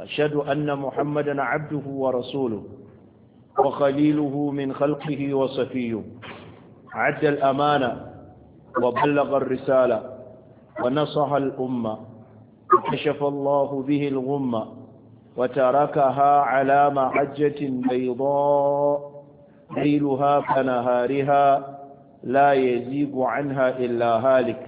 أشهد أن محمدا عبده ورسوله وخليله من خلقه وصفيه عد الأمانة وبلغ الرسالة ونصح الأمة وكشف الله به الغمة وتركها على معجة بيضاء ليلها كنهارها لا يزيغ عنها إلا هالك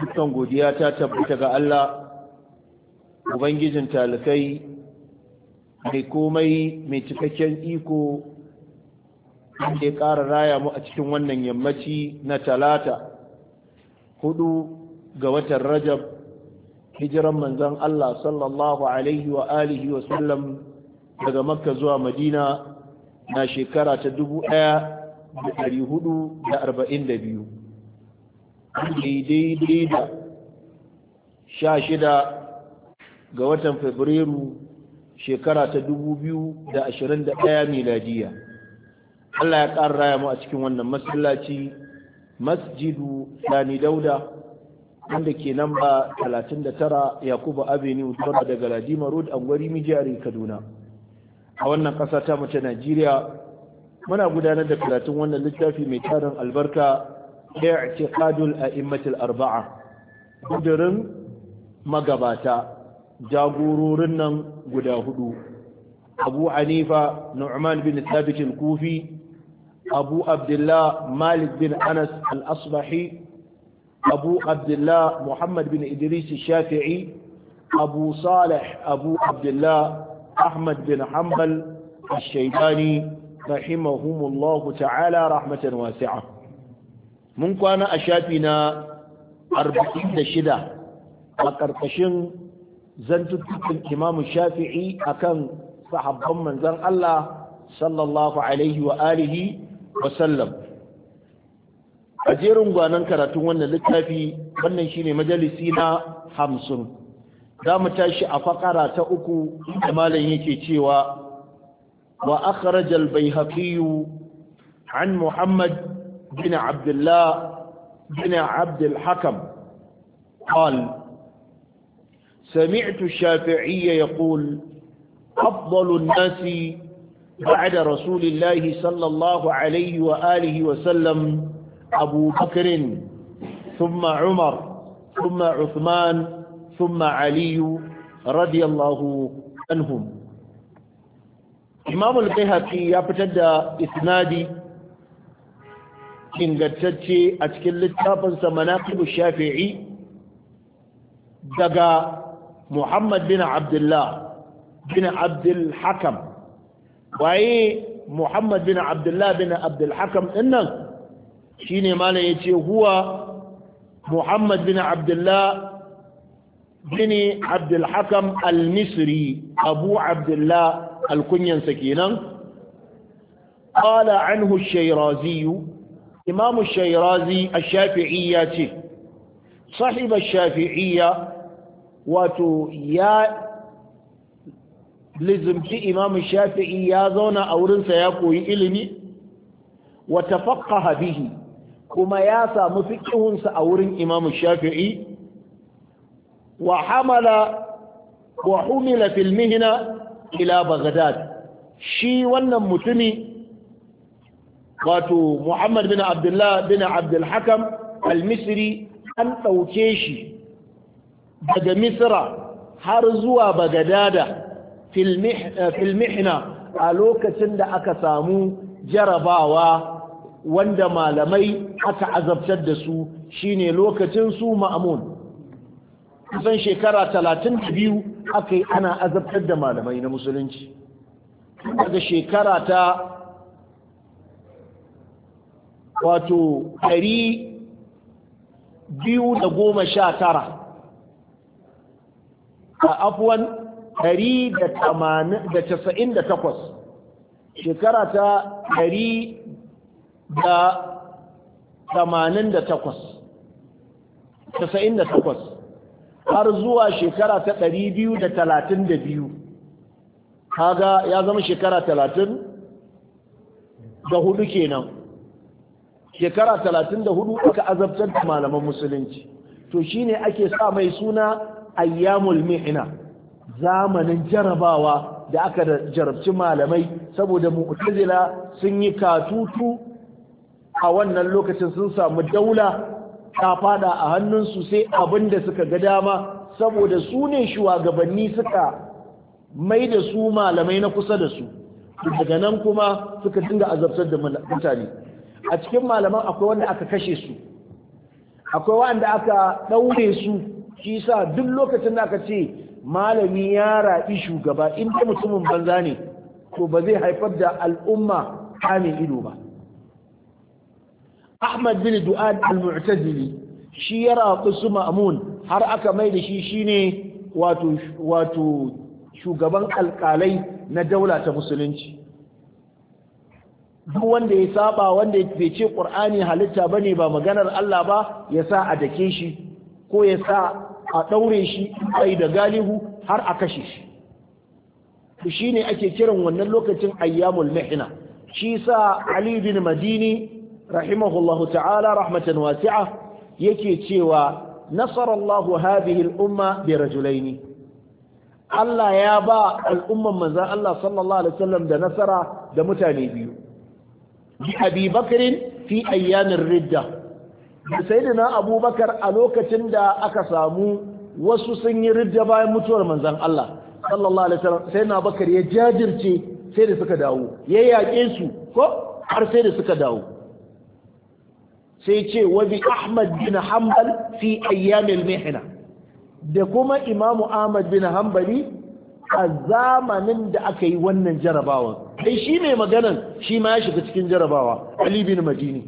dukkan godiya ta tabbata ga Allah ubangijin talikai mai komai mai cikakken iko da ya ƙara raya mu a cikin wannan yammaci na talata hudu ga watan rajab hijiran manzan Allah sallallahu alaihi wa alihi wa sallam daga makka zuwa madina na shekara ta dubu ɗaya da hudu da arba'in da biyu. daidai da sha shida ga watan fabrairu shekara ta dubu biyu da ashirin da ɗaya miladiya Allah ya ƙara raya mu a cikin wannan masallaci masjidu sani dauda wanda ke namba 39 yakubu avenue tara daga ladima road a gwari mijiyar kaduna a wannan ƙasa ta mace najeriya muna gudanar da karatun wannan littafi mai tarin albarka i'tiqadul a'immatul arba'a kudurin magabata jagororin nan guda hudu abu hanifa nu'man bin thabit al-kufi abu abdullah malik bin anas al-asbahi abu abdullah muhammad bin idris al-shafi'i abu salih abu abdullah ahmad bin hanbal al-shaybani rahimahumullahu ta'ala rahmatan wasi'ah mun kwana a shafi na 46 a ƙarƙashin zantuttukan imamu shafi'i akan sahabban manzan Allah sallallahu alaihi wa alihi a jerin gwanon karatun wannan littafi wannan shine majalisi na hamsin za mu tashi a fakara ta uku da malam yake cewa wa akhrajal bayhaqiyu an muhammad بن عبد الله بن عبد الحكم قال سمعت الشافعي يقول أفضل الناس بعد رسول الله صلى الله عليه وآله وسلم أبو بكر ثم عمر ثم عثمان ثم علي رضي الله عنهم إمام البيهقي يبتدى إسنادي ingantacce a cikin littafinsa manaqibu shafi'i daga muhammad bin abdullah bin abdul hakam waye muhammad bin abdullah bin abdul hakam dinnan shine ya ce huwa muhammad bin abdullah bin abdul hakam al-misri abu abdullah al-kunyansa kenan qala anhu ash-shirazi imamu shairazi a shafi'i ya ce sahiba shafi'iyya wato ya lizimci imamu shafi'i ya zauna a wurinsa ya koyi ilimi wa tafaqqa kuma ya samu fikihunsa a wurin imamu shafi'i wa hamala wa humila filmihina ila baghdad shi wannan mutumi wato Muhammad bin Abdullah bin Abdul Hakam al-Misri an ɗauke shi daga Misra har zuwa Bagadada da mihna a lokacin da aka samu jarabawa wanda malamai aka azabtar da su shine lokacin su ma'amun kusan shekara talatin da biyu aka yi ana azabtar da malamai na musulunci daga shekara ta wato ɗari biyu da goma sha tara a afuwan ɗari da casa'in da takwas shekara ta ɗari da tamanin da takwas casa'in da takwas har zuwa shekara ta ɗari biyu da talatin da biyu kaga ya zama shekara talatin da hudu kenan shekara talatin hudu aka azabtar da malaman musulunci to shine ake sa mai suna ayyamul mihna zamanin jarabawa da aka jarabci malamai saboda mu'tazila sun yi katutu a wannan lokacin sun samu daula ta fada a hannunsu sai abinda suka ga dama saboda su ne shugabanni suka mai da su malamai na kusa da su daga nan kuma suka dinga azabtar da mutane a cikin malaman akwai wanda aka kashe su akwai wanda aka ɗaure su shi sa duk lokacin da aka ce malami ya raɓi shugaba inda mutumin banza ne to ba zai haifar da al'umma kamin ido ba ahmad bin du'ad al-mu'tazili shi ya raɓi su ma'amun har aka mai da shi shine wato wato shugaban alƙalai na daula ta musulunci duk wanda ya saba wanda bai ce qur'ani halitta ba ne ba maganar Allah ba ya sa a dake shi ko ya sa a ɗaure shi ai da galihu har a kashe shi shi ne ake kiran wannan lokacin ayyamul mihina? shi sa Ali bin Madini rahimahullahu ta'ala rahmatan wasi'a yake cewa nasarallahu Allahu hadhihi al'umma bi rajulaini Allah ya ba al'umman manzon Allah sallallahu alaihi wasallam da nasara da mutane biyu bi abi bakrin fi ayyamin ridda sayyidina abubakar a lokacin da aka samu wasu sun yi ridda bayan mutuwar manzon Allah sallallahu alaihi wasallam sayyidina bakar ya jajirce sai da suka dawo ya yaƙe su ko har sai da suka dawo sai ce wa bi ahmad bin hanbal fi ayyamil mihna da kuma Imam ahmad bin hanbali a zamanin da aka yi wannan jarabawan ai shi mai maganan shi ma ya shiga cikin jarabawa Ali bin Madini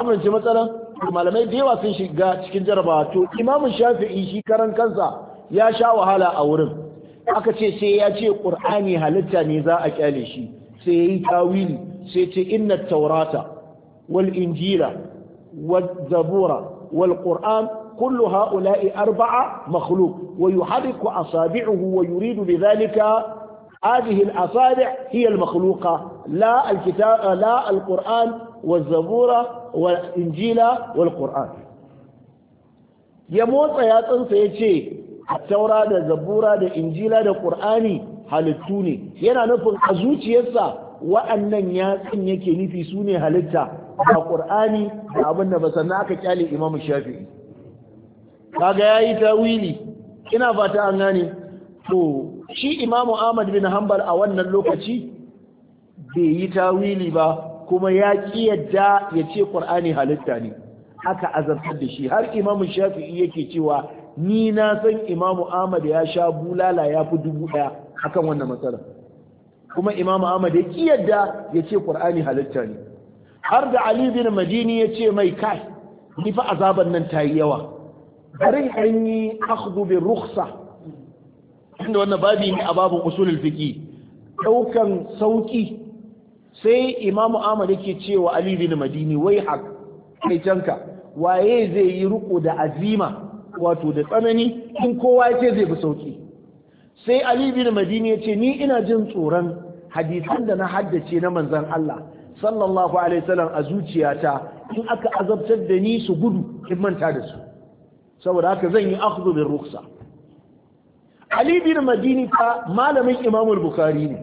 amince matsala. malamai da yawa sun shiga cikin jarabawa to Imam Shafi'i shi karan kansa ya sha wahala a wurin aka ce sai ya ce Qur'ani halitta ne za a kyale shi sai yayi tawili sai ce inna taurata wal injila wal zabura wal qur'an كل wa أربعة مخلوق wa yuridu ويريد بذلك هذه الأصابع هي المخلوقة لا الكتاب لا القرآن والزبور والإنجيل والقرآن يموت ياتن سيتي التوراة da zabura da injila da qur'ani halittu ne yana nufin a zuciyarsa wa'annan yatsun yake nufi su ne halitta a ƙur'ani da abin da ba sannan aka kyale imamu shafi'i kaga yayi tawili ina fata an gane to shi imamu ahmad bin hanbal a wannan lokaci bai yi tawili ba kuma ya ƙi yadda ya ce ƙur'ani halitta ne aka azartar da shi har imamu shafi'i yake cewa ni na san imamu ahmad ya sha bulala ya fi dubu ɗaya akan wannan matsala kuma imamu ahmad ya ƙi yadda ya ce ƙur'ani halitta ne har da ali bin madini ya ce mai kai ni fa azaban nan ta yi yawa bari an yi akhdhu bi rukhsah inda wannan babi ne a babin usulul fiqi daukan sauki sai imamu ahmad yake cewa ali bin madini wai hak kai canka waye zai yi riko da azima wato da tsanani in kowa ya ce zai bi sauki sai ali bin madini ya ce ni ina jin tsoron hadisan da na haddace na manzon Allah sallallahu alaihi wasallam a zuciyata in aka azabtar da ni su gudu in manta da su saboda haka zan yi akhdhu ruksa ali bin madini fa malamin imamul bukhari ne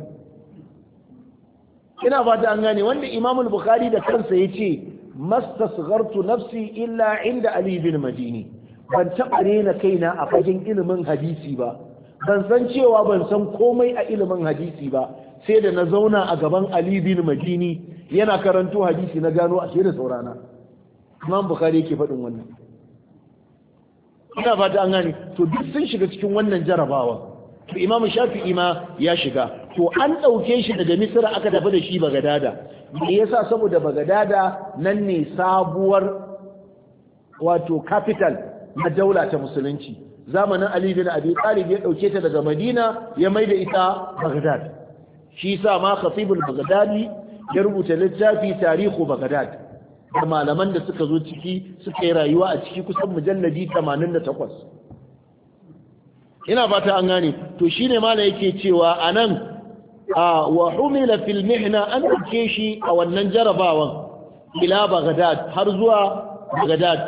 ina fata an gane wanda imamul bukhari da kansa ya ce mastasghartu nafsi illa inda ali bin madini ban taɓa rena kaina a fagen ilimin hadisi ba ban san cewa ban san komai a ilimin hadisi ba sai da na zauna a gaban ali bin madini yana karanto hadisi na gano a da saurana imam bukhari yake faɗin wannan ina fata an gane to duk sun shiga cikin wannan jarabawa to imam shafi'i ma ya shiga to an ɗauke shi daga misira aka tafi da shi bagadada me yasa saboda bagadada nan ne sabuwar wato capital na daula ta musulunci zamanin ali bin abi talib ya ɗauke ta daga madina ya maida ita bagdad shi sa ma khatibul bagdadi ya rubuta littafi tarihu bagdad da malaman da suka zo ciki suka yi rayuwa a ciki kusan mujalladi 88 ina fata an gane to shine mala yake cewa anan a wa humila fil mihna an dauke shi a wannan jarabawan ila bagdad har zuwa bagdad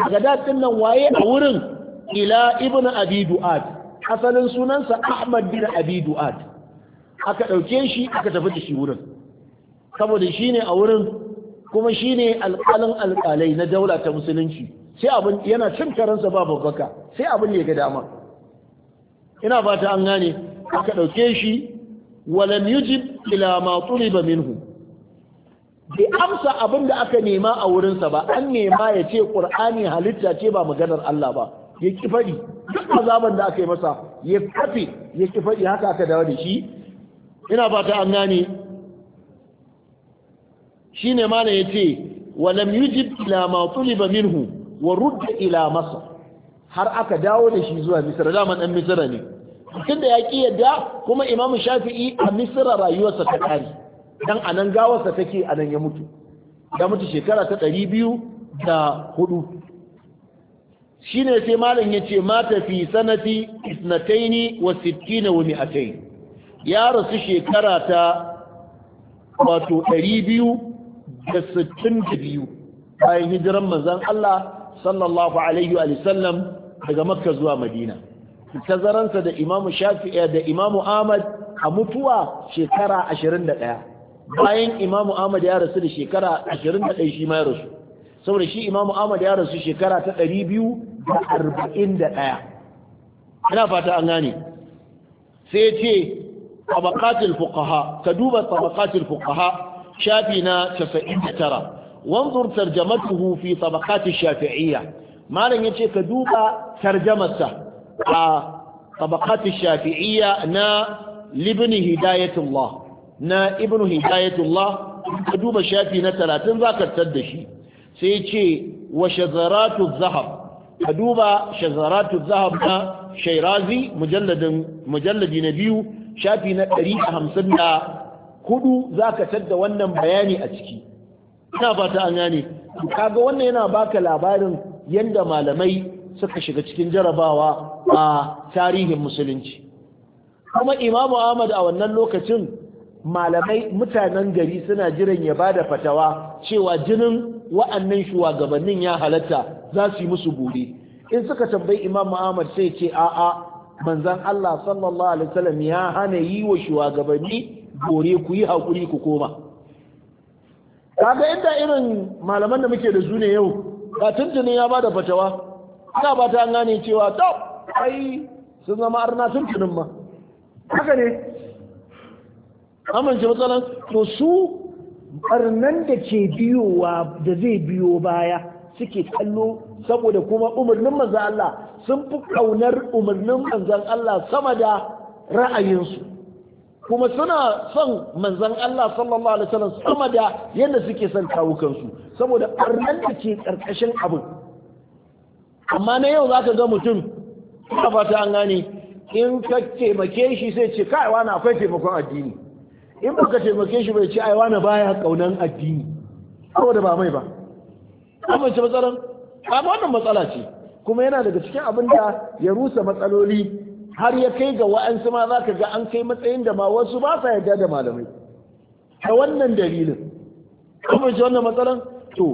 bagdad din nan waye a wurin ila ibnu abi du'ad asalin sunansa ahmad bin abi du'ad aka dauke shi aka tafi da shi wurin saboda shine a wurin kuma shi ne alƙalin alƙalai na daula ta musulunci sai abin yana cin karansa babu baka sai abin ne ga dama ina ba ta an gane aka ɗauke shi walam yujib ila ma tuliba minhu bai amsa abin da aka nema a wurinsa ba an nema ya ce ƙur'ani halitta ce ba maganar Allah ba ya ki faɗi duk azaban da aka yi masa ya kafi ya ki faɗi haka aka dawo da shi ina ta an gane shine mana yace wa lam yujib ila ma tuliba minhu wa rudda ila masar har aka dawo da shi zuwa misira dama dan Misira ne tunda ya ki yadda kuma imam shafi'i a Misira rayuwarsa ta kare dan a nan gawarsa take nan ya mutu ya mutu shekara ta ɗari biyu da hudu. shi ne sai malam ya yace mata fi sanati isnataini wa sittina wa 200 ya rasu shekara ta wato ɗari biyu. da sittin da biyu bayan hijiran manzon Allah sallallahu alaihi wa sallam daga makka zuwa madina tazaransa da imamu Shafi'a eh, da imamu ahmad a mutuwa shekara 21 bayan imamu ahmad ya rasu da shekara 21 shi ma ya rasu saboda shi imamu ahmad ya rasu shekara ta 241 ina fata an gane sai ya ce tabaqatul fuqaha ka duba tabaqatul fuqaha shafi na 99 wanzur tarjamatuhu fi tabaqati shafi'iyya malam yace ka duba tarjamarsa a tabaqati shafi'iyya na libn hidayatullah na ibn hidayatullah ka duba shafi na 30 zaka da shi sai yace wa shazaratuz zahab ka duba shazaratuz zahab na shairazi mujalladin mujalladi na biyu shafi na hudu za ka tadda wannan bayani a ciki ina fata an gane kaga wannan yana baka labarin yadda malamai suka shiga cikin jarabawa a tarihin musulunci kuma imamu ahmad a wannan lokacin malamai mutanen gari suna jiran ya bada fatawa cewa jinin wa'annan shugabannin ya halatta za su yi musu buri in suka tambayi Imam ahmad sai ce a'a manzan allah sallallahu alaihi wasallam ya hana yi wa shugabanni gore ku yi haƙuri ku koma kaga inda irin malaman da muke da su yau ba tuntuni ya ba da fatawa ina ba ta gane cewa to ai sun zama arna tuntunin ma haka ne amince matsalan to su barnan da ke biyowa da zai biyo baya suke kallo saboda kuma umarnin manzan Allah sun fi ƙaunar umarnin manzan Allah sama da ra'ayinsu kuma suna son manzan Allah sallallahu alaihi wasallam sama da yadda suke son kawukansu saboda karnan da ke karkashin abin amma na yau zaka ga mutum ka fata an gane in ka taimake shi sai ce kai wani akwai taimakon addini in baka taimake shi bai ce ai wani baya kaunan addini saboda ba mai ba amma ce matsalar amma wannan matsala ce kuma yana daga cikin abin da ya rusa matsaloli har ya kai ga wa'ansu ma za ka ga an kai matsayin da ma wasu ba sa yarda da malamai ta wannan dalilin kuma shi wannan matsalan to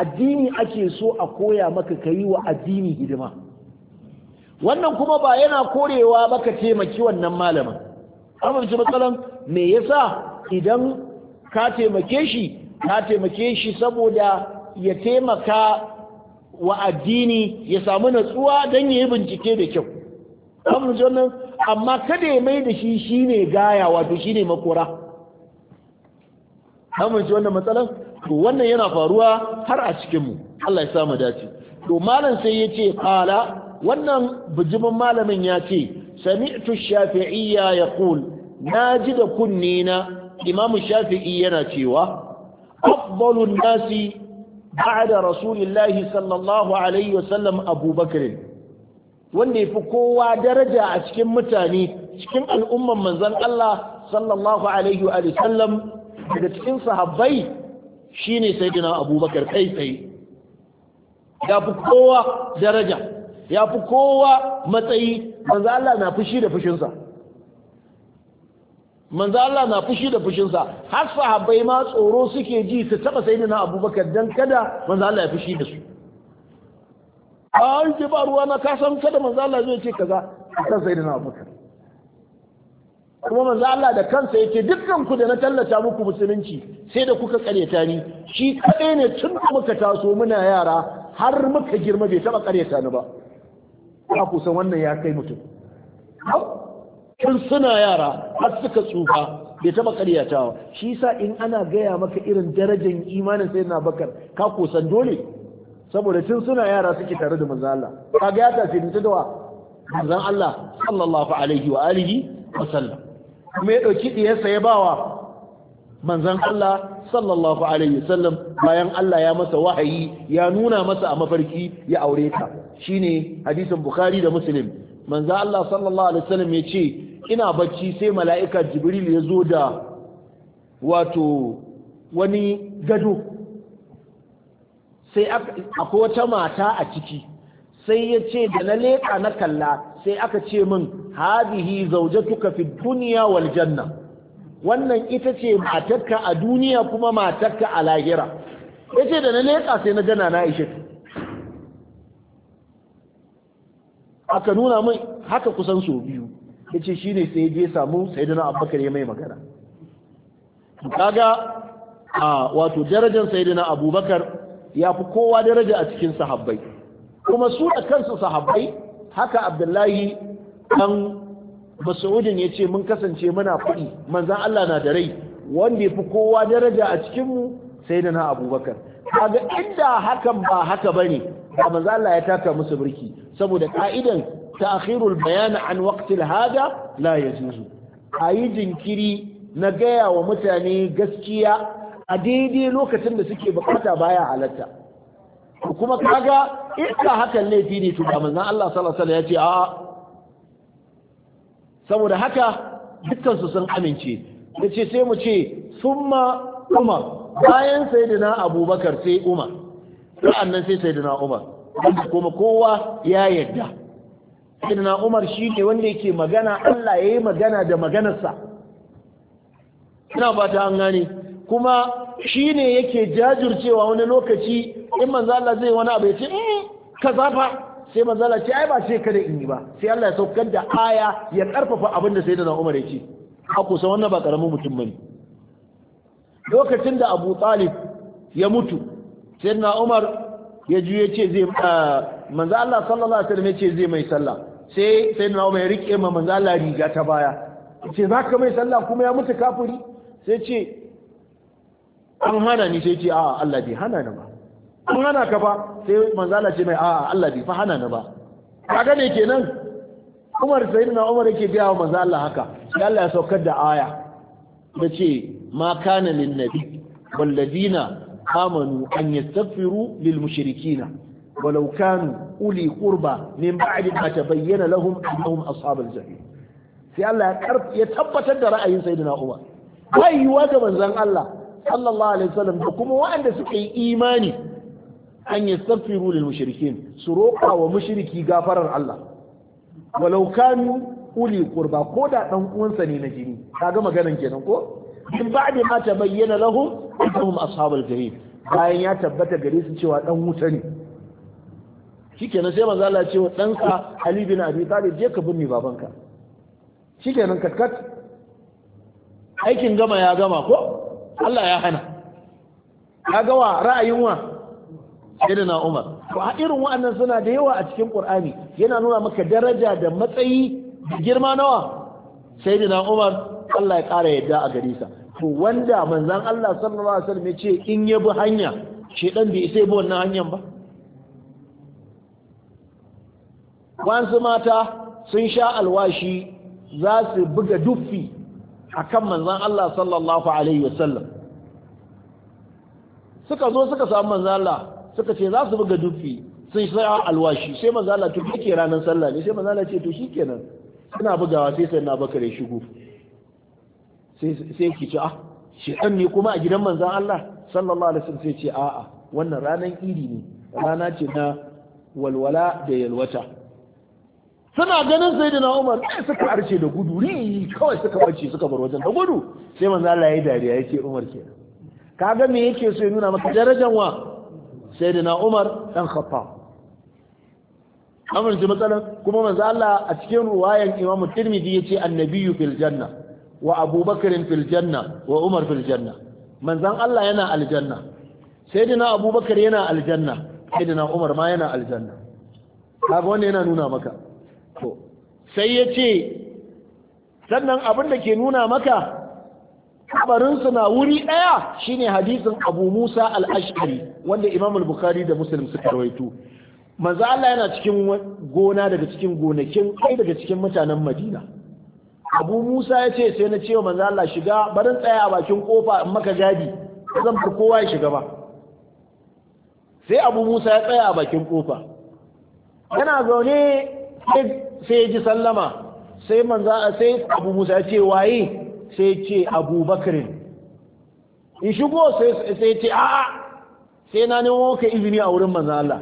addini ake so a koya maka ka yi wa addini hidima wannan kuma ba yana korewa ba ka taimaki wannan malamin kuma shi matsalan me yasa idan ka taimake shi ka taimake shi saboda ya taimaka wa addini ya samu natsuwa don ya yi bincike da kyau amma wannan amma kada ya mai da shi shine gaya wato ne makora amma wannan matsalan to wannan yana faruwa har a cikinmu. Allah ya samu dace to malam sai yace qala wannan bijimin malamin ya ce sami'tu shafi'iyya na ji da kunne na imamu shafi'i yana cewa afdalun nasi ba'da rasulullahi sallallahu alaihi wasallam abubakar wanda ya fi kowa daraja a cikin mutane cikin al'umman manzan Allah sallallahu alaihi wa sallam daga cikin sahabbai shine sayyidina abubakar kai tsaye ya fi kowa daraja ya fi kowa matsayi manzan Allah na fushi da fushinsa manzo Allah na fushi da fushinsa har sahabbai ma tsoro suke ji su taba sayyidina Abubakar dan kada manzo Allah ya fushi da su a an ba ruwa na kasan san kada manzo Allah zai ce kaza a kan sai da na abubakar kuma manzo Allah da kansa yake dukkan ku da na tallata muku musulunci sai da kuka karyata ni shi kadai ne tun da muka taso muna yara har muka girma bai taba karyata ni ba ku kusan wannan ya kai mutum tun suna yara har suka tsufa bai taba karyatawa shi sa in ana gaya maka irin darajar imanin sai na bakar ka kusan dole saboda tun suna yara suke tare da manzon Allah kaga ya tafi da wa manzon Allah sallallahu alaihi wa alihi wa sallam kuma ya dauki diyarsa ya bawa manzon Allah sallallahu alaihi wa sallam bayan Allah ya masa wahayi ya nuna masa a mafarki ya aure ta shine hadisin Bukhari da Muslim manzon Allah sallallahu alaihi wa sallam ya ce ina bacci sai mala'ika Jibril ya zo da wato wani gado sai aka wata mata a ciki sai ya ce da na leƙa na kalla sai aka ce min hadihi zaujatuka fi duniya wal janna wannan ita ce matarka a duniya kuma matarka a lahira ya ce da na leƙa sai na gana na ishe aka nuna mai haka kusan sau biyu ya ce shi ne sai je samu sai na abubakar ya mai magana kaga a wato darajar sai na abubakar ya fi kowa daraja a cikin sahabbai kuma su da kansu sahabbai haka abdullahi dan mas'udin ya ce mun kasance muna kuɗi manzan Allah na da rai wanda ya fi kowa daraja a cikinmu sai da na abubakar kaga inda hakan ba haka bane ba manzan Allah ya taka musu birki saboda ka'idan ta'khirul bayan an waqtil hada la yajuzu ayi jinkiri na gaya wa mutane gaskiya a daidai lokacin da suke bukata baya halatta kuma kaga inda hakan laifi ne to ba manzon Allah sallallahu ya ce a saboda haka dukkan sun amince yace sai mu ce summa Umar bayan sai da na Abubakar sai Umar nan sai da na Umar kuma kowa ya yadda Sai da na Umar shi ne wanda yake magana Allah ya yi magana da maganarsa ina fata an gane kuma shi ne yake jajircewa wani lokaci in manzala zai wani abu ya ce mm, ka zafa? sai manzala ce ai ba ce kada in yi ba sai Allah ya saukar da aya ya karfafa abin da da Umar ya ce a kusa wannan ba karamin mutum bane lokacin da Abu Talib ya mutu sai na Umar ya ji ya ce zai ah, manzo Allah sallallahu alaihi wasallam ya ce zai mai sallah sai na Umar ya rike ma Manzala riga ta baya ce zaka mai sallah kuma ya mutu kafiri sai ce an hana ni sai ce a Allah bai hana ni ba an hana ka ba sai manzala ce mai a Allah bai fa hana ni ba kaga ne kenan Umar sayyidina Umar yake biya wa manzo Allah haka sai Allah ya saukar da aya da ce ma kana lin nabi wal ladina amanu an yastaghfiru lil mushrikina walau kanu uli qurba min ba'di ma tabayyana lahum annahum ashabul jahim sai Allah ya tabbatar da ra'ayin sayyidina Umar bai yiwa ga manzon Allah sallallahu alaihi wasallam da kuma waɗanda suka yi imani an yastaghfiru lil mushrikin su roƙa wa mushriki gafarar Allah walau kanu uli qurba ko da dan uwansa ne na jini kaga maganan kenan ko in ba'di ma tabayyana lahum annahum ashabul jahim bayan ya tabbata gare su cewa dan wuta ne shikenan sai manzo Allah ya ce wa ɗansa Ali bin Abi Talib je ka binne babanka shikenan katkat aikin gama ya gama ko Allah ya hana kaga wa ra'ayin wa na Umar to a irin wa'annan suna da yawa a cikin Qur'ani yana nuna maka daraja da matsayi da girma nawa sayyidina Umar Allah ya ƙara yadda a gare sa to wanda manzon Allah sallallahu alaihi wasallam ya ce in ya bi hanya shedan bai isa bi wannan hanyar ba wasu mata sun sha alwashi za su buga duffi akan manzon Allah sallallahu alaihi wasallam suka zo suka samu manzon Allah suka ce za su buga dufi sun sai alwashi sai manzon Allah to kike ranan sallah ne sai manzon Allah ce to shikenan suna bugawa sai sai na bakare shigo sai sai ki ce ah shi ne kuma a gidan manzon Allah sallallahu alaihi wasallam sai ce a'a wannan ranan idi ne rana ce na walwala da yalwata suna ganin sai na umar ɗaya eh, suka arce da gudu ri kawai suka bace suka bar wajen da gudu sai manzo Allah ya dariya ya ce umar ke kaga me yake so ya nuna maka darajar wa sayyidina umar ɗan khattab amma ji matsalan kuma manzo Allah a cikin ruwayan imamu tirmidhi yace annabiyyu fil janna wa abubakar fil janna wa umar fil janna manzon Allah yana aljanna sayyidina abubakar yana aljanna sayyidina umar ma yana aljanna kaga wanda yana nuna maka ko sai ya ce sannan abin da ke nuna maka kabarinsu na wuri ɗaya shine hadisin abu musa al'ashari wanda imam al-bukhari da muslim suka rawaito manzo Allah yana cikin gona daga cikin gonakin kai daga cikin mutanen madina abu musa ya ce sai na ce wa manzo Allah shiga barin tsaya a bakin kofa in maka gadi zan fi kowa ya shiga ba sai abu musa ya tsaya a bakin kofa yana zaune sai ya ji sallama sai manza a sai abu musa ya ce waye sai ya ce abu bakarin in shigo sai ya ce a'a sai na nemo ka izini a wurin manza Allah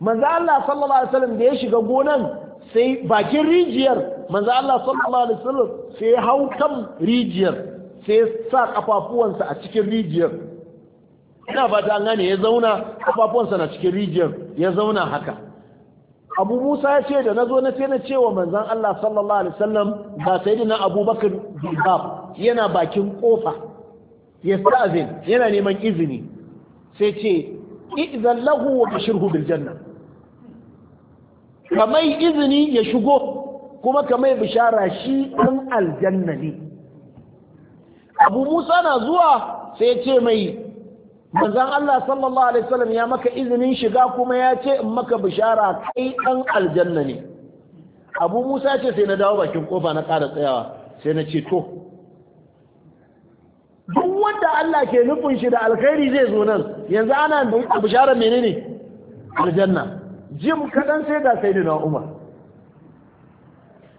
manza Allah sallallahu alaihi wasallam da ya shiga gonan sai bakin rijiyar manza Allah sallallahu alaihi wasallam sai ya hau kan rijiyar sai ya sa kafafuwansa a cikin rijiyar ina fata an gane ya zauna kafafuwansa na cikin rijiyar ya zauna haka abu musa ya ce da na zo na sai na cewa manzan allah sallallahu alaihi wasallam sai dina abubakar jibab yana bakin kofa ya sta'azin yana neman izini sai ce izan lahu wa bashirhu bil janna kamai izini ya shigo kuma kamai bishara shi ɗan aljanna ne abu musa na zuwa sai ya ce mai manzon Allah sallallahu alaihi wasallam ya maka izinin shiga kuma ya ce in maka bishara kai dan aljanna ne Abu Musa ce sai na dawo bakin kofa na ƙara tsayawa sai na ce to duk wanda Allah ke nufin shi da alkhairi zai zo nan yanzu ana da bishara menene aljanna jim kadan sai ga sayyidina Umar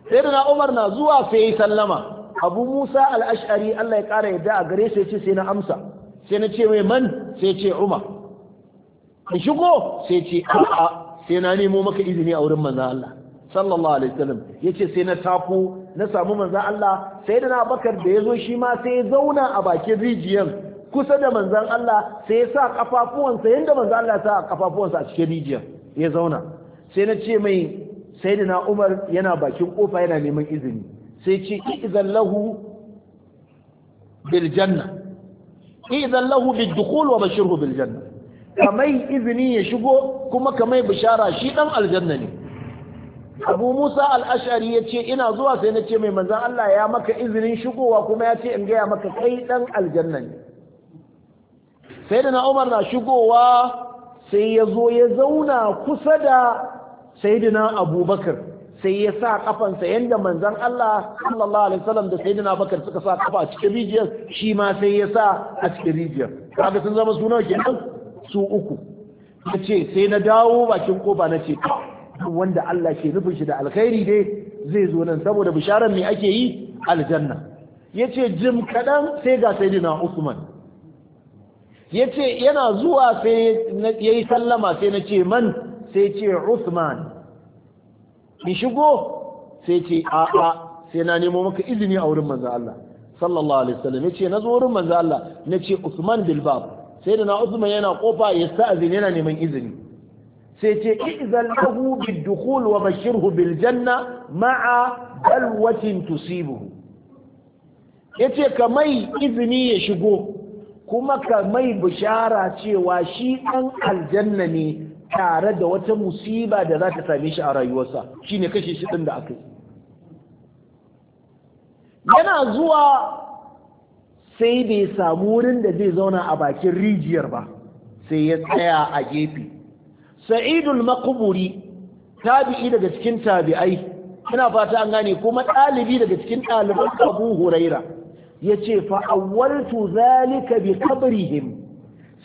sayyidina Umar na zuwa sai sallama Abu Musa al-Ash'ari Allah ya ƙara yadda a gare shi ya ce sai na amsa sai na ce mai man sai ce umar in shigo sai ce a'a sai na nemo maka izini a wurin manzan Allah sallallahu alaihi wasallam yace sai na tafo na samu manzan Allah sai da na bakar da ya zo shi ma sai ya zauna a bakin rijiyar kusa da manzan Allah sai ya sa kafafuwansa yanda manzan Allah ya sa kafafuwansa a cikin rijiyar ya zauna sai na ce mai sai Umar yana bakin kofa yana neman izini sai ce izan lahu bil janna idan lahu bidukhul wa bashirhu bil janna kamai izini ya shigo kuma kamai bishara shi dan aljanna ne Abu Musa al-Ash'ari yace ina zuwa sai na ce mai manzon Allah ya maka izinin shigowa kuma ya ce in ga ya maka kai dan aljanna ne Saidina Umar na shigowa sai ya zo ya zauna kusa da sayyidina Abubakar sai ya sa kafansa yadda manzan Allah sallallahu alaihi wasallam da sayyidina Bakar suka sa kafa a cikin rijiyar shi ma sai ya sa a cikin rijiyar kaga sun zama suna nawa kenan su uku ce sai na dawo bakin kofa na ce wanda Allah ke nufin shi da alkhairi dai zai zo nan saboda bisharar me ake yi aljanna yace jim kadan sai ga sayyidina Usman yace yana zuwa sai yayi sallama sai na ce man sai ce Usman in shigo sai ce a'a sai na nemo maka izini a wurin manzo Allah sallallahu alaihi wasallam yace na zo wurin manzo Allah nace Usman bil bab sai da na Usman yana kofa ya sa azini yana neman izini sai ce izal lahu bid dukhul wa bashirhu bil janna ma'a balwatin tusibuhu yace ka mai izini ya shigo kuma ka mai bishara cewa shi ɗan aljanna ne tare da wata musiba da za ta same shi a rayuwarsa shi ne kashe shi ɗin da aka yi yana zuwa sai bai samu wurin da zai zauna a bakin rijiyar ba sai ya tsaya a gefe sa'idul makuburi tabi'i daga cikin tabi'ai ina fata an gane kuma ɗalibi daga cikin ɗaliban abu huraira ya ce fa'awaltu zalika bi kabrihim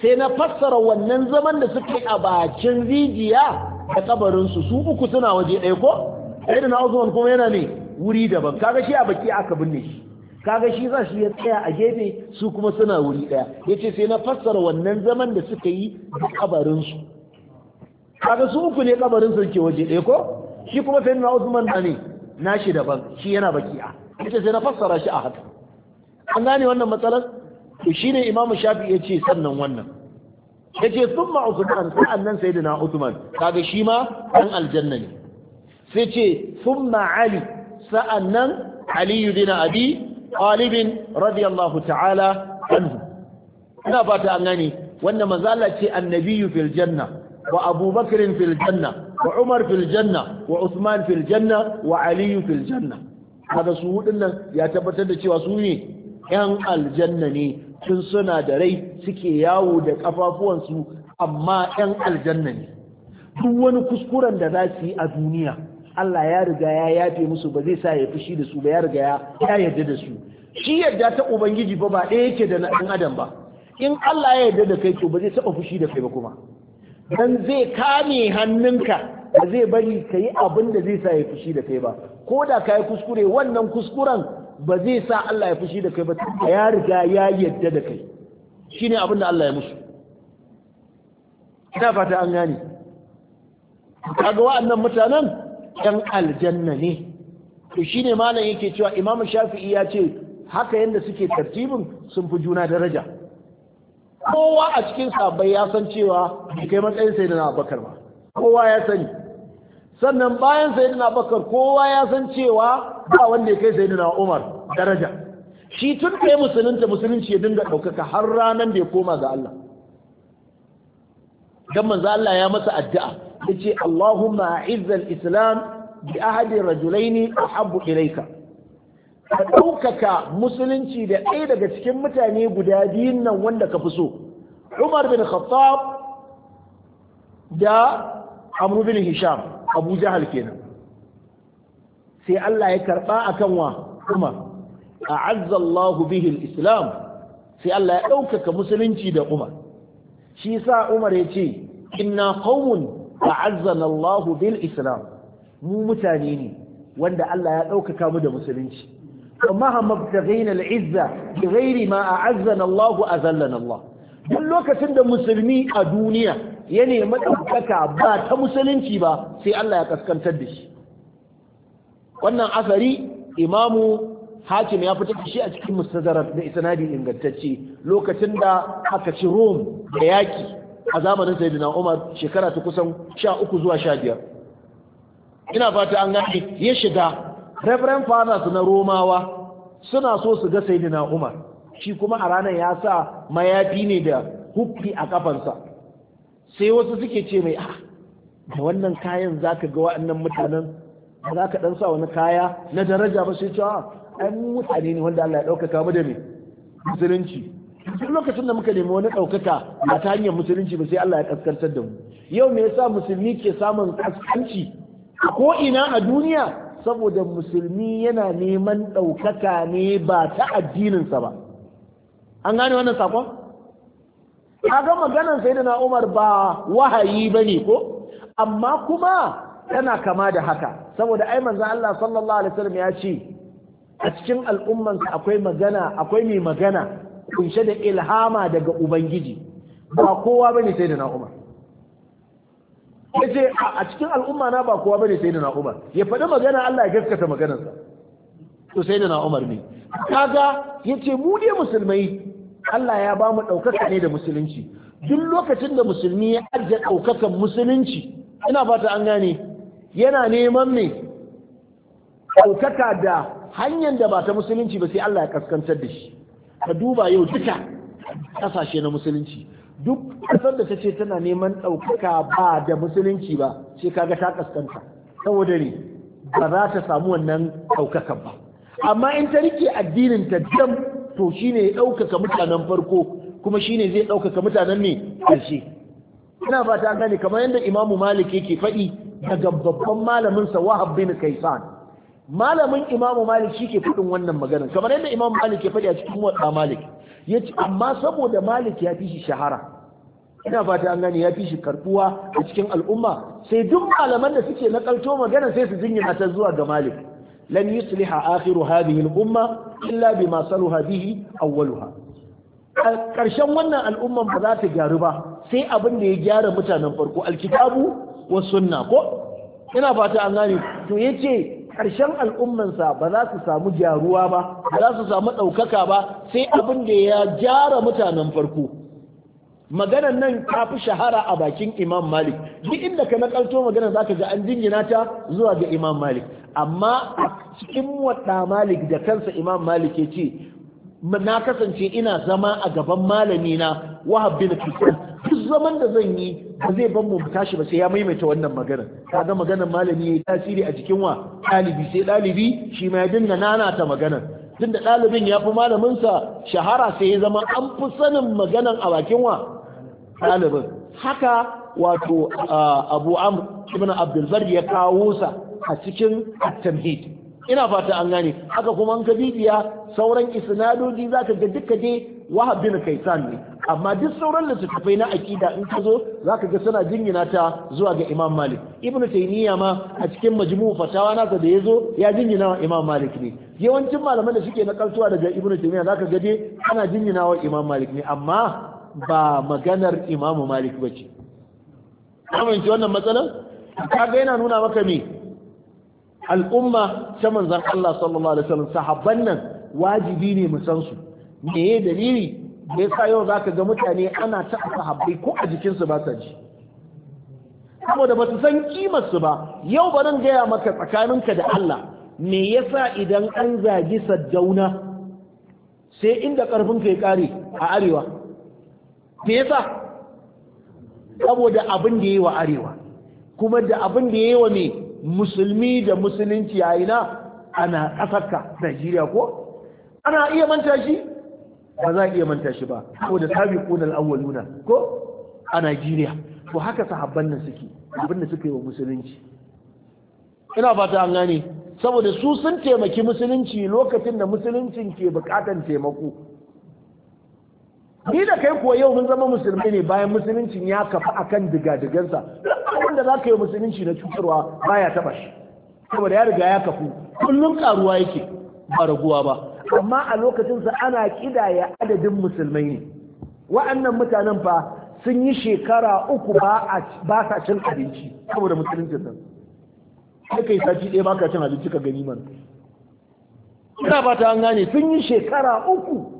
sai na fassara wannan zaman da suke a bakin rijiya da kabarinsu su uku suna waje ɗaya ko ɗaya da na Usman kuma yana ne wuri daban kaga shi a baki aka binne shi kaga shi za shi ya tsaya a gefe su kuma suna wuri ɗaya yace sai na fassara wannan zaman da suka yi da kabarinsu kaga su uku ne kabarinsu ke waje ɗaya ko shi kuma sai na Usman da ne nashi daban shi yana baki a yace sai na fassara shi a haka an gane wannan matsalar to ne imamu shafi ya ce sannan wannan ya ce sun ma usman sa'an nan na usman kaga shi ma ɗan aljanna ne sai ce sun ma ali sa'an nan aliyu bin abi ɗalibin radiyallahu ta'ala anhu ina fata an gane wannan manzala ce annabiyu fil janna wa abubakar fil janna wa umar fil janna wa usman fil janna wa aliyu fil janna kaga su hudun nan ya tabbatar da cewa su ne yan aljanna ne tun suna da rai suke yawo da kafafuwansu amma 'yan aljanna ne duk wani kuskuren da za su yi a duniya Allah ya riga ya yafe musu ba zai sa ya fushi da su ba ya riga ya yarda da su shi yarda ta ubangiji ba ba ɗaya yake da na ɗan adam ba in Allah ya yarda da kai to ba zai taɓa fushi da kai ba kuma dan zai kame hannunka ba zai bari ka yi abin da zai sa ya fushi da kai ba ko da ka yi kuskure wannan kuskuren ba zai sa Allah ya fushi da kai ba ya riga ya yadda da kai shine abin da Allah ya musu ina fata an gane kaga wa'annan mutanen ɗan aljanna ne to shine malam yake cewa Imam Shafi'i ya ce haka yanda suke tartibin sun fi juna daraja kowa a cikin sabai ya san cewa bai kai matsayin sai da na abakar ba kowa ya sani sannan bayan sayyidina bakar kowa ya san cewa ba wanda ya kai sayyidina umar daraja shi tun da musulunta musulunci ya dinga ɗaukaka har ranar da ya koma ga Allah dan manzo Allah ya masa addu'a yace Allahumma a'izz al-islam bi ahadi rajulaini ahabbu ilayka ka ɗaukaka musulunci da ɗaya daga cikin mutane guda biyun nan wanda ka fi so Umar bin Khattab da amru bin Hisham abu jahal kenan sai Allah ya karba akan wa Umar a'azza Allah bihi al-islam sai Allah ya ɗaukaka musulunci da Umar shi yasa Umar ya ce inna qaumun a'azzana Allah bil islam mu mutane ne wanda Allah ya ɗaukaka mu da musulunci amma mabtaghaina al-izza bi ghairi ma a Allah azallana Allah duk lokacin da musulmi a duniya ya nemi ɗaukaka ba ta musulunci ba sai Allah ya kaskantar da shi wannan asari imamu hakim ya fitar da shi a cikin mustadrak da isnadi ingantacce lokacin da aka ci Rome da yaki a zamanin Sayyidina Umar shekara ta kusan sha uku zuwa sha biyar. ina fata an gane ya shiga Reverend Fathers na Romawa suna so su ga Sayyidina Umar shi kuma a ranar ya sa mayafi ne da hukki a kafansa sai wasu suke ce mai ah da wannan kayan za ka ga wa'annan mutanen ba za ka ɗan sa wani kaya na daraja ba sai ce a ah, ai mutane ne wanda Allah ya ɗaukaka mu da mai musulunci duk lokacin da muka nemi wani ɗaukaka ba ta hanyar musulunci ba sai Allah ya ƙaskantar da mu yau me yasa musulmi ke samun ƙaskanci ko ina a duniya saboda musulmi yana neman ɗaukaka ne ba ta addininsa ba an gane wannan sakon kaga maganar sayyidina Umar ba wahayi bane ko amma kuma tana kama da haka saboda ai manzo Allah sallallahu alaihi wasallam ya ce a cikin al'umman akwai magana akwai mai magana kunshe da ilhama daga ubangiji ba kowa bane sayyidina Umar yace a cikin al'umma na ba kowa bane sayyidina Umar ya faɗi magana Allah ya gaskata maganarsa to sayyidina Umar ne kaga yace mu ne musulmai Allah ya ba mu ɗaukaka ne da musulunci duk lokacin da musulmi ya ajiye ɗaukakan musulunci ina ta an gane yana neman me ɗaukaka da hanyar da ba ta musulunci ba sai Allah ya kaskantar da shi ka duba yau duka ƙasashe na musulunci duk ƙasar da ta ce tana neman ɗaukaka ba da musulunci ba sai kaga ta kaskanta saboda ne ba za ta samu wannan ɗaukakan ba amma in ta rike addinin ta dam to ne ya ɗaukaka mutanen farko kuma shi ne zai ɗaukaka mutanen ne ƙarshe ina fata gane kamar yadda imamu malik yake faɗi daga babban malamin sa wahab bin kaisan malamin imamu malik shi ke faɗin wannan magana kamar yadda imamu malik ya faɗi a cikin wata malik ya ce amma saboda malik ya fi shi shahara ina fata an gane ya fi shi karɓuwa a cikin al'umma sai duk malaman da suke na ƙarto magana sai su jinyana ta zuwa ga malik lan yusliha akhiru hadhihi umma illa bima saluha bihi awwaluha karshen wannan al'umman ba za ta gyaru ba sai abin da ya gyara mutanen farko alkitabu wa sunna ko ina fata an gane to ce karshen al'ummansa ba za su samu gyaruwa ba ba za su samu ɗaukaka ba sai abin da ya gyara mutanen farko maganar nan ta fi shahara a bakin imam malik duk inda ka nakalto maganar za ka ga an jingina ta zuwa ga imam malik amma a cikin wadda malik da kansa imam malik ya ce na kasance ina zama a gaban malami na wahab bin duk zaman da zan yi ba zai ban mu tashi ba sai ya maimaita wannan magana kaga maganar malami ya yi tasiri a jikin wa ɗalibi sai ɗalibi shi ma ya dinga ta maganar da ɗalibin ya fi malaminsa shahara sai ya zama an fi sanin maganan a bakin wa ɗalibin haka wato abu amr ibn abdulbar ya kawo sa a cikin tamhid ina fata an gane haka kuma an ka bibiya sauran isnadodi zaka ga duka dai wahab bin kaisan ne amma duk sauran littattafai na akida in ka zo zaka ga suna jingina ta zuwa ga imam malik ibnu taymiya ma a cikin majmu'u fatawa nasa da yazo ya jingina wa imam malik ne yawancin malaman da suke na kaltuwa daga ibnu taymiya zaka ga dai ana jingina wa imam malik ne amma ba maganar imamu malik ba ce amince wannan matsalar kaga yana nuna maka me al'umma ta manzan Allah sallallahu alaihi wasallam sahabban nan wajibi ne mu san su me ye dalili da yasa yau zaka ga mutane ana ta sahabbai ko a jikinsu su ba sa ji saboda ba su san kimar su ba yau ba nan gaya maka tsakaninka da Allah me yasa idan an zagi saddauna sai inda karfin ka ya kare a arewa me yasa saboda abin da yayi wa arewa kuma da abin da yayi wa me musulmi da musulunci yi na, ana kasarka Najeriya ko ana iya manta shi ba za a iya manta shi ba saboda sabiqun al-awwaluna ko a Najeriya to haka sahabban nan suke abin da suka yi wa musulunci ina fata an gane saboda su sun taimaki musulunci lokacin da musuluncin ke bukatan taimako ni da kai kuwa yau mun zama musulmi ne bayan musuluncin ya kafa akan digadigansa digansa da za ka yi musulunci na cutarwa baya taba shi saboda ya riga ya kafu kullum karuwa yake ba raguwa ba amma a lokacinsa ana kidaya adadin musulmai ne wa'annan mutanen fa sun yi shekara uku ba sa cin abinci saboda musuluncin nan sai kai sati ɗaya ba cin abinci ka gani mana ina ba an gane sun yi shekara uku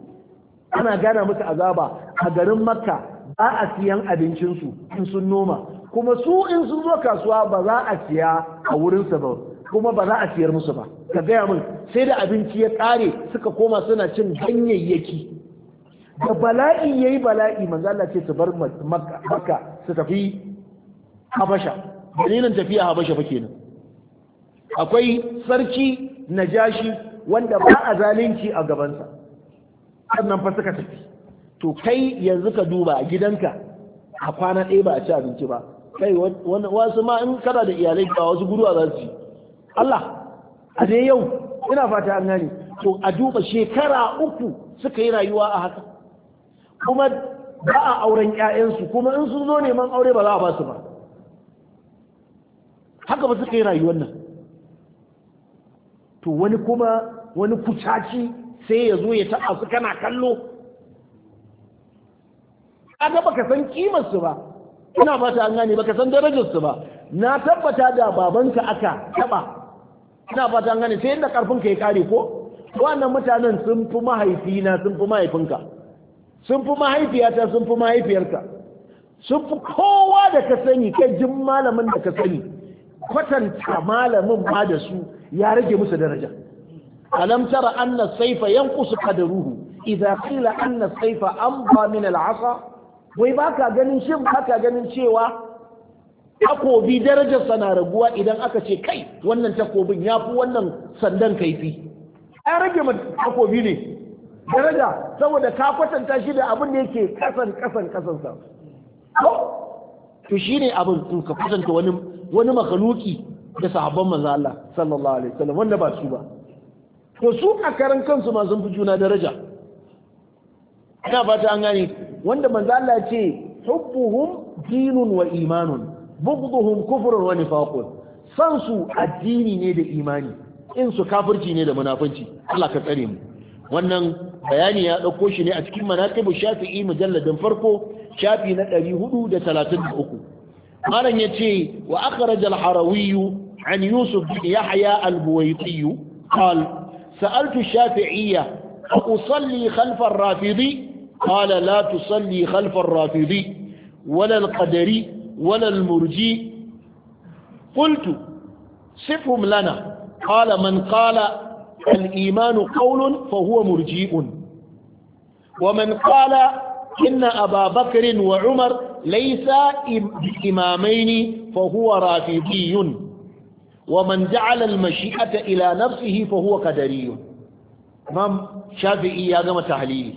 ana gana musu azaba a garin makka ba a siyan abincinsu in sun noma kuma su in sun zo kasuwa ba za a siya a wurinsa ba kuma ba za a siyar musu ba ka gaya min sai da abinci ya ƙare suka koma suna cin ganyayyaki da bala'i yayi bala'i manzo Allah ce su bar makka su tafi habasha dalilin tafiya habasha fa kenan akwai sarki najashi wanda ba a zalunci a gabansa nan fa suka tafi to kai yanzu ka duba a gidanka a kwana ɗaya ba a ci abinci ba kai wasu ma in kana da iyalai ba wasu guduwa za su Allah a dai yau ina fata an gane to a duba shekara uku suka yi rayuwa a haka kuma ba a auren ƴaƴansu kuma in sun zo neman aure ba za a ba su ba haka ba suka yi rayuwar nan to wani kuma wani kucaci sai ya zo ya ta'a su kana kallo kaga baka san kimar ba ina ba ta an gane baka san darajar ba na tabbata da babanka aka taba ina ba ta an gane sai inda karfin ka ya kare ko wannan mutanen sun fi mahaifina sun fi mahaifinka sun fi mahaifiyata sun fi mahaifiyarka sun fi kowa da ka sani kai jin malamin da ka sani kwatanta malamin ba da su ya rage musu daraja alam tara anna saifa yanqusu qadaruhu idza qila anna saifa amba min al'asa wai baka ganin shin baka ganin cewa takobi darajar na raguwa idan aka ce kai wannan takobin yafi wannan sandan kaifi Ya rage ma takobi ne daraja saboda ka kwatanta shi da abin da yake kasan kasan kasan sa to ne abin in ka kwatanta wani wani makaluki da sahabban manzo Allah sallallahu alaihi wasallam wanda ba su ba to su a karan kansu ma sun fi juna daraja ina fata an gane wanda manzo Allah ya ce hubbuhum dinun wa imanun bughduhum kufrun wa nifaqun san su addini ne da imani in su kafirci ne da munafunci Allah ka tsare mu wannan bayani ya dauko shi ne a cikin manaqibu shafi'i mujalladin farko shafi na 433 malam yace wa akhraj al-harawi an yusuf bin yahya al-buwayqi قال سألت الشافعية أصلي خلف الرافضي قال لا تصلي خلف الرافضي ولا القدري ولا المرجي قلت صفهم لنا قال من قال الإيمان قول فهو مرجيء ومن قال إن أبا بكر وعمر ليس بإمامين فهو رافضي wa man ja'ala al-mashi'ata ila nafsihi fa huwa qadariyun imam shafi'i ya gama tahlili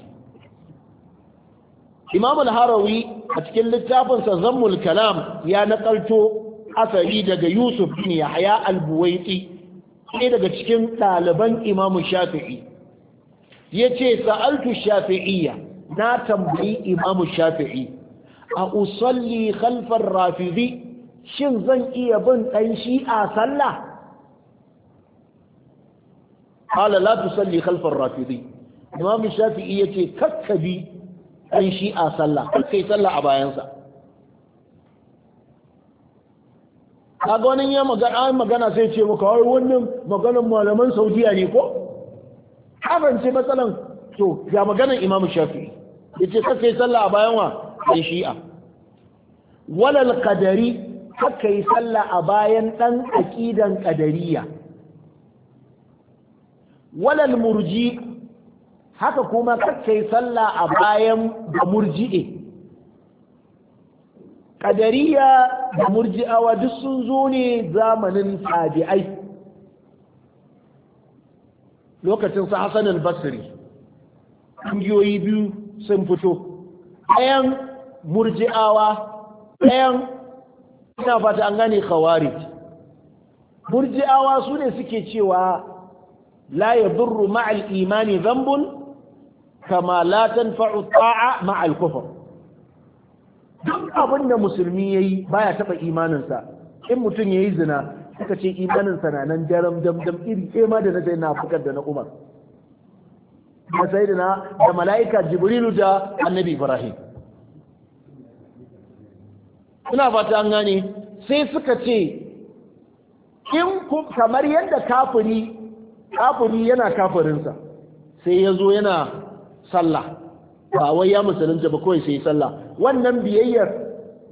imam al-harawi a cikin littafinsa sa zammul kalam ya nakalto asali daga yusuf bin yahya al-buwaiti ne daga cikin ɗaliban imam shafi'i Ya ce sa'altu shafi'iyya na tambayi imam shafi'i a usalli khalfar rafizi. shin zan iya bin ɗan a sallah qala la tusalli khalfa ar-rafidi imam shafi'i yace kakkabi ɗan a sallah kai sallah a bayansa kaga wannan ya magana magana sai ce maka wai wannan maganan malaman saudiya ne ko ce matsalan to ga maganan imam shafi'i yace kai sallah a bayan wa ɗan shi'a walal qadari kakka yi sallah a bayan ɗan aƙidan ƙadariya walal murji haka kuma kakka yi sallah a bayan da murji'e ƙadariya da murji'awa duk sun zo ne zamanin tabi'ai lokacin su hassan al-basri ƙungiyoyi biyu sun fito ɗayan murji'awa ɗayan ina fata an gane khawarij Burji'awa su ne suke cewa la yadurru ma'al imani dhanbun kama la tanfa'u ta'a ma'al kufr duk abin da musulmi yayi baya taba imaninsa in mutum yayi zina suka ce imaninsa na nan daram dam dam iri ɗaya ma da na sai na fukar da na umar da sai da da mala'ika jibrilu da annabi ibrahim ina fata an gane sai suka ce in kamar yadda kafiri kafiri yana kafirinsa sai ya zo yana sallah ba wai ya musulunta ba kawai sai sallah wannan biyayyar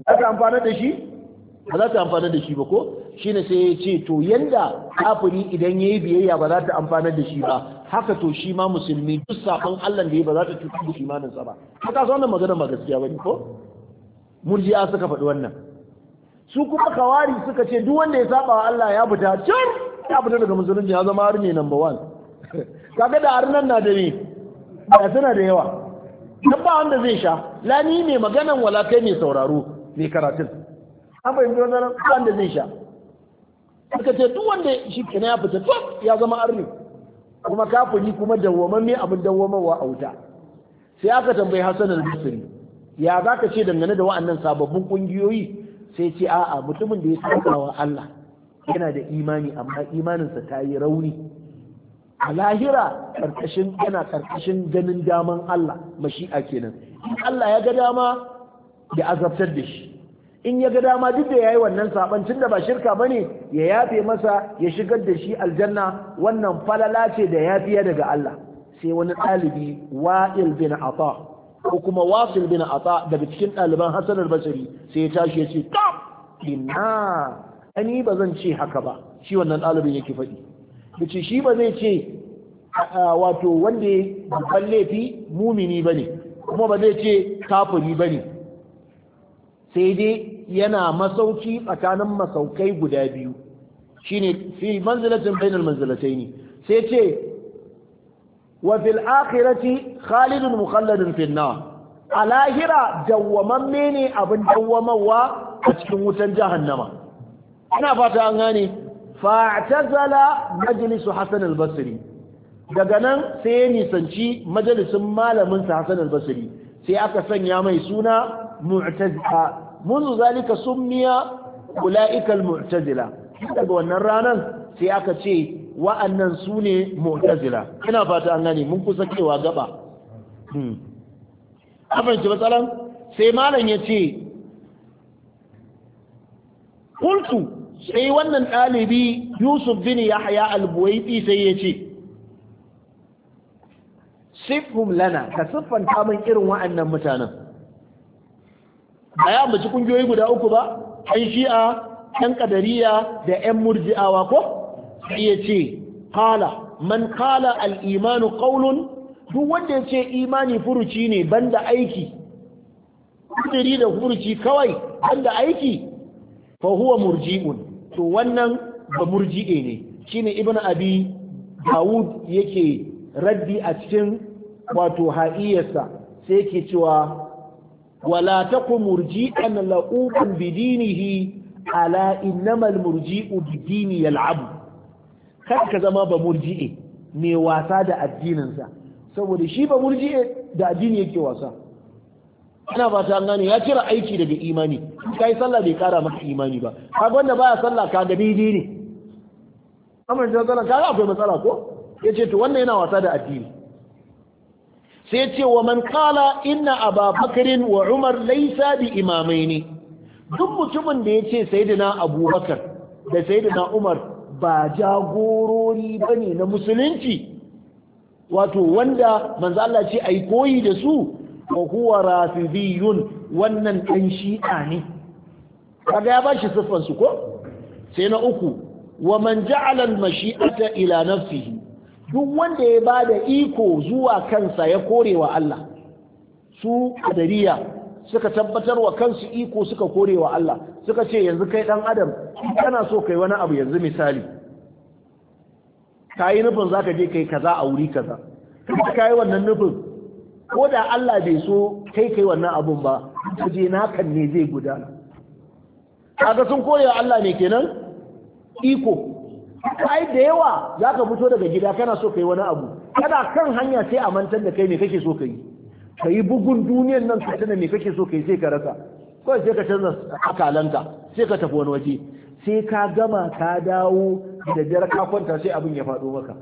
za ta amfana da shi ba za ta amfana da shi ba ko shine sai ya ce to yadda kafiri idan yayi biyayya ba za ta amfana da shi ba haka to shi ma musulmi duk sakon Allah da ya ba za ta cutar da imaninsa ba ka san wannan magana ba gaskiya bane ko murji'a suka faɗi wannan su kuma kawari suka ce duk wanda ya saba wa Allah ya fita cin ya fita daga musulunci ya zama harne number one kaga da harnan na da ne Ya suna da yawa duk ba wanda zai sha lani mai maganan wala kai mai sauraro mai karatun an fahimci wannan wanda zai sha suka ce duk wanda shi kina ya fita to ya zama arni kuma kafuni kuma dawwamamme abin dawwamawa a wuta sai aka tambayi Hassan al-Basri ya za ka ce dangane da wa'annan sababbin ƙungiyoyi sai ce a'a mutumin da ya saba wa Allah yana da imani amma imaninsa ta yi rauni a lahira karkashin yana karkashin ganin daman Allah mashi'a kenan in Allah ya ga dama ya azabtar da shi in ya ga dama duk da yi wannan saban tunda ba shirka ba ne ya yafe masa ya shigar da shi aljanna wannan falala ce da yafiya daga Allah sai wani ɗalibi wa'il bin ata ko kuma wasil bin ata daga cikin ɗaliban hassan al-basri sai ya tashi ya ce tam inna ani ba zan ce haka ba shi wannan ɗalibin yake faɗi yace shi ba zai ce wato wanda ya laifi mumini bane kuma ba zai ce kafiri bane sai dai yana masauki tsakanin masaukai guda biyu shine fi manzilatin bainal ne, sai ce wa fil akhirati khalidun mukhalladun fin nar a lahira dawwamamme ne abin dawwamawa a cikin wutan jahannama Ana fata an gane fa'tazala majlisu hasan daga nan sai ya nisanci majalisin Malaminsa sa hasan al sai aka sanya mai suna mu'tazila منذ summiya سمي أولئك المعتزلة daga wannan ranar sai aka ce wa'annan su ne mu'tazila ina fata an gani mun kusa cewa gaba hmm. abin ci matsalan sai malam ya ce kultu sai wannan ɗalibi yusuf bin yahya al-buwaiti sai ya ce sifhum lana ka siffanta min irin wa'annan mutanen bayan ba ci kungiyoyi guda uku ba ɗan shi'a ɗan ƙadariya da 'yan murji'awa ko iya ce kala man kala al'imanu ƙaunun duk wanda ya ce imani furuci ne banda aiki kudiri da furuci kawai banda aiki fa huwa murji'un to wannan ba murji'e ne shine ibn abi dawud yake raddi a cikin wato ha'iyarsa sai yake cewa wala taku murji'an la'uqan bidinihi ala innamal murji'u bidini yal'abu kada ka zama ba murji'e mai wasa da addininsa saboda shi ba murji'e da addini yake wasa Ana ba ta gane ya cire aiki daga imani kai sallah bai kara maka imani ba ka wanda baya sallah ka ga daidai ne amma da sallah ka akwai matsala ko yace to wannan yana wasa da addini sai ce wa man kala inna aba bakarin wa umar laisa bi imamai ne duk mutumin da ya ce sayidina abubakar da sayidina umar ba jagorori ba ne na musulunci wato wanda manzo Allah ce ai koyi da su wa huwa rafidiyun wannan 'yan shi'a ne kaga ya bashi siffan su ko sai na uku wa man ja'ala al-mashi'ata ila nafsihi duk wanda ya ba da iko zuwa kansa ya korewa Allah su kadariya suka tabbatar wa kansu iko suka korewa Allah suka ce yanzu kai dan adam kana so kai wani abu yanzu misali kayi nufin zaka je kai kaza a wuri kaza kuma kayi wannan nufin ko da Allah bai so kai kai wannan abun ba je nakan ne zai gudana kaga sun koya Allah ne kenan iko kai da yawa zaka fito daga gida kana so kai wani abu kana kan hanya sai a mantar da kai me kake so kai kai bugun duniyar nan ka tana me kake so kai sai ka rasa kawai sai ka canza akalanka sai ka tafi wani waje sai ka gama ka dawo da jar ka kwanta sai abin ya fado maka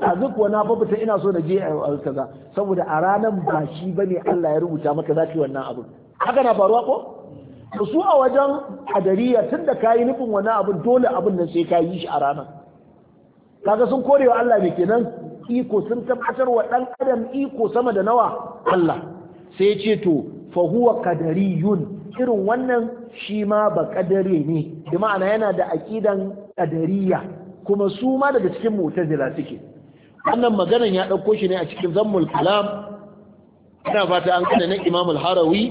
a duk wani fafita ina so na je a kaza saboda a ranan ba shi bane Allah ya rubuta maka zaki wannan abin haka na faruwa ko da su a wajen adariya tun da kayi nufin wani abin dole abin nan sai kayi shi a ranar kaga sun korewa Allah ne kenan iko sun tabbatar wa dan adam iko sama da nawa Allah sai ya ce to fa huwa qadariyun irin wannan shi ma ba kadare ne bi ma'ana yana da aqidan qadariya kuma su ma daga cikin mu'tazila suke wannan maganan ya dauko shi ne a cikin zammul kalam ina fata an kada na imam al-harawi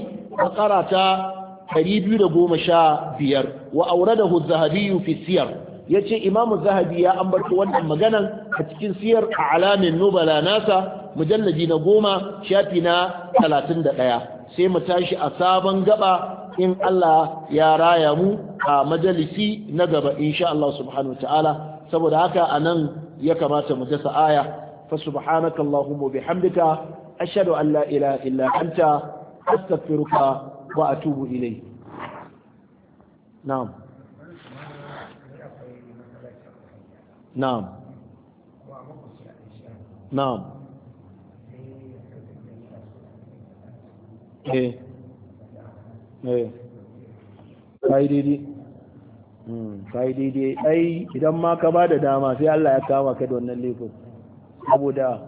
goma sha 215 wa auradahu az-zahabi fi siyar yace imam zahabi ya ambato wannan maganan a cikin siyar a alamin nubala nasa mujallaji na goma shafi na 31 sai mu tashi a sabon gaba in Allah ya raya mu a majalisi na gaba insha Allah subhanahu ta'ala saboda haka anan ya kamata mu dasa aya fa subhanaka allahumma bihamdika ashhadu an la ilaha illa anta astaghfiruka wa atubu ilayk na'am na'am na'am eh, eh. Hmm, daidai ai idan ma ka ba da dama sai Allah ya kama ka da wannan laifin saboda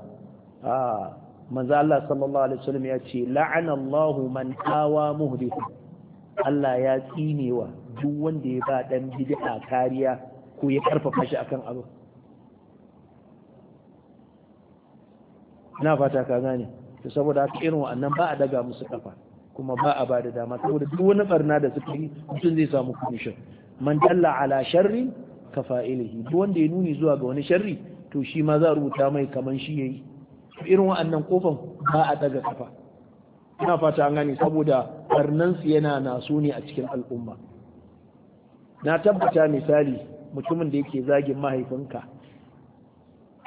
a manzo Allah sallallahu alaihi wasallam ya ce la'ana Allahu man awa muhdith Allah ya tsinewa duk wanda ya ba dan bid'a kariya ko ya karfafa shi akan abu ina fata ka gane da saboda haka irin wa'annan ba a daga musu kafa kuma ba a da dama saboda duk wani barna da suka yi mutum zai samu commission man dalla ala sharri ka fa'ilihi duk wanda ya nuni zuwa ga wani sharri to shi ma za a rubuta mai kaman shi yayi irin wa'annan kofan ba a daga kafa ina fata an gane saboda barnansu yana naso ne a cikin al'umma na tabbata misali mutumin da yake zagin mahaifinka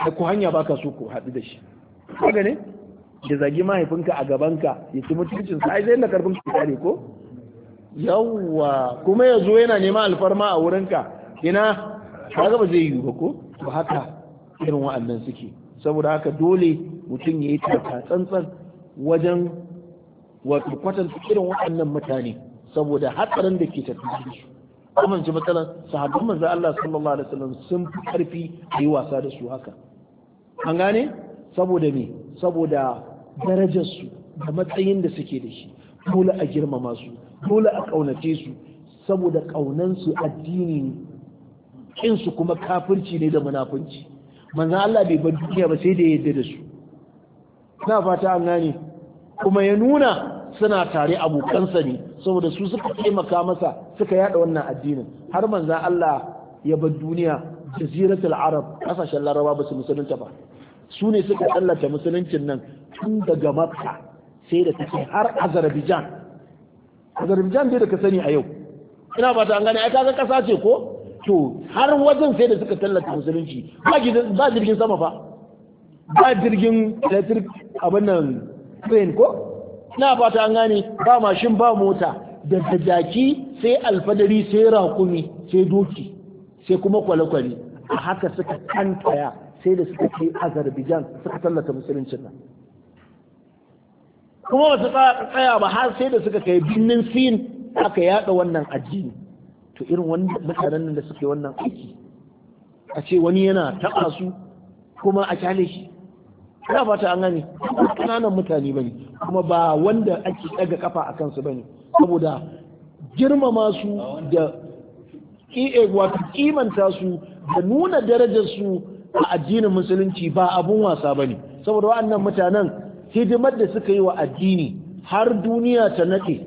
da ku hanya baka so ku haɗu da shi ka gane Da zagi mahaifinka a gabanka ya ci mutuncin sai ai zai da karfin ka kare ko yawwa kuma yazo yana neman alfarma a wurinka ina kaga ba zai yi ba ko to haka irin wa'annan suke saboda haka dole mutum ya yi taka tsantsan wajen wato kwatanta irin wa'annan mutane saboda hatsarin da ke tattare da su kuma ji matsalar sahabban manzo Allah sallallahu alaihi wasallam sun fi karfi yi wasa da su haka an gane saboda me saboda darajarsu da matsayin da suke da shi dole a girmama su dole a ƙaunace su saboda ƙaunansu addini ne ƙinsu kuma kafirci ne da munafunci manzan Allah bai bar duniya ba sai da yadda da su na fata an gane kuma ya nuna suna tare abokansa ne saboda su suka taimaka masa suka yada wannan addinin har manzan Allah ya bar duniya jaziratul arab kasashen laraba ba su musulunta ba su ne suka tsallata musuluncin nan tun daga makka sai da take har azerbaijan azerbaijan dai da ka sani a yau ina ba ta gane ai ga kasa ce ko to har wajen sai da suka tallata musulunci ba jirgin sama fa ba jirgin electric abin nan train ko ina ba ta gane ba mashin ba mota da jaki sai alfadari sai rakumi sai doki sai kuma kwale-kwale a haka suka kantaya sai da suka kai azerbaijan suka tallata musuluncin nan kuma ba su tsaya ba har sai da suka kai birnin sin aka yada wannan addini to irin wani mutanen nan da suke wannan aiki a ce wani yana taɓa su kuma a kyale shi ina fata an gani kananan mutane bane kuma ba wanda ake ɗaga kafa a kansu bane saboda girmama su da eh, wato kimanta su da nuna darajar su a addinin musulunci ba abun wasa ba ne saboda wa'annan mutanen hidimar da suka yi wa addini har duniya ta nake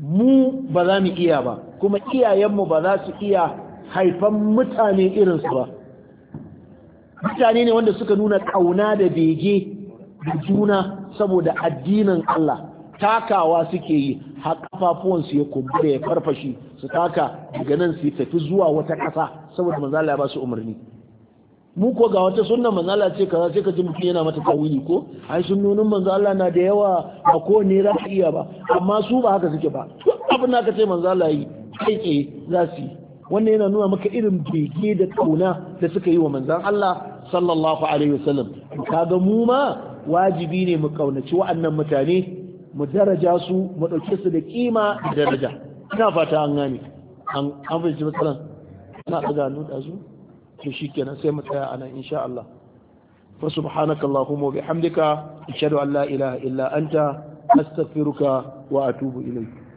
mu ba za mu iya ba kuma iyayenmu ba za su iya haifan mutane irinsu ba mutane ne wanda suka nuna ƙauna da bege da juna saboda addinin Allah takawa suke yi har kafafuwansu ya kumbura ya farfashe su taka daga nan su tafi zuwa wata ƙasa saboda manzala ya ba su umarni mu ko ga wata sunna manzo Allah ce kaza sai ka ji mutum yana mata tawili ko ai sunnonin manzo Allah na da yawa ba ko ne za ba amma su ba haka suke ba abin da aka ce manzo Allah yi kai ke za su yi wannan yana nuna maka irin bege da kauna da suka yi wa manzo Allah sallallahu alaihi wasallam kaga mu ma wajibi ne mu kaunaci wa'annan mutane mu daraja su mu dauke su da kima da daraja ina fata an gane an fahimci matsalan ana ga nuna su to shikenan sai mu tsaya anan insha Allah fa subhanaka allahumma wa bihamdika ashhadu an la ilaha illa anta astaghfiruka wa atubu ilayk